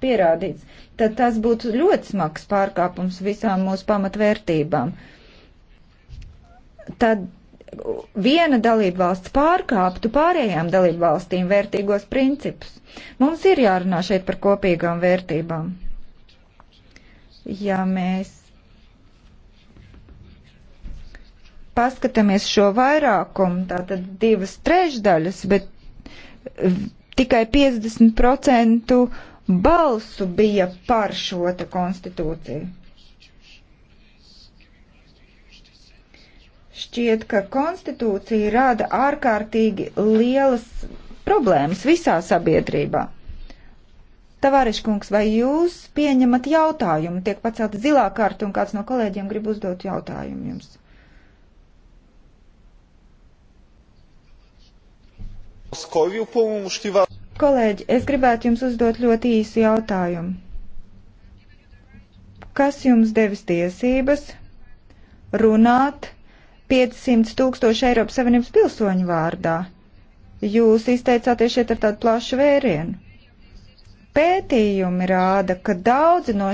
būtu pierādīts, tad tas būtu ļoti smags pārkāpums visām mūsu pamatvērtībām. Tad viena dalība valsts pārkāptu pārējām dalību valstīm vērtīgos principus. Mums ir jārunā šeit par kopīgām vērtībām. Ja mēs paskatāmies šo vairākumu, tātad divas trešdaļas, bet tikai 50% balsu bija par šo te konstitūciju. Šķiet, ka konstitūcija rada ārkārtīgi lielas problēmas visā sabiedrībā. Tavāreškungs, vai jūs pieņemat jautājumu? Tiek pacelta zilā karta un kāds no kolēģiem grib uzdot jautājumu jums. Moscoviu, po umoștiva Kolēģi, es gribētu jums uzdot ļoti īsu jautājumu. Kas jums devis tiesības runāt 500 tūkstoši Eiropas Savienības pilsoņu vārdā? Jūs izteicāties šeit ar tādu plašu vērienu. Pētījumi rāda, ka daudzi no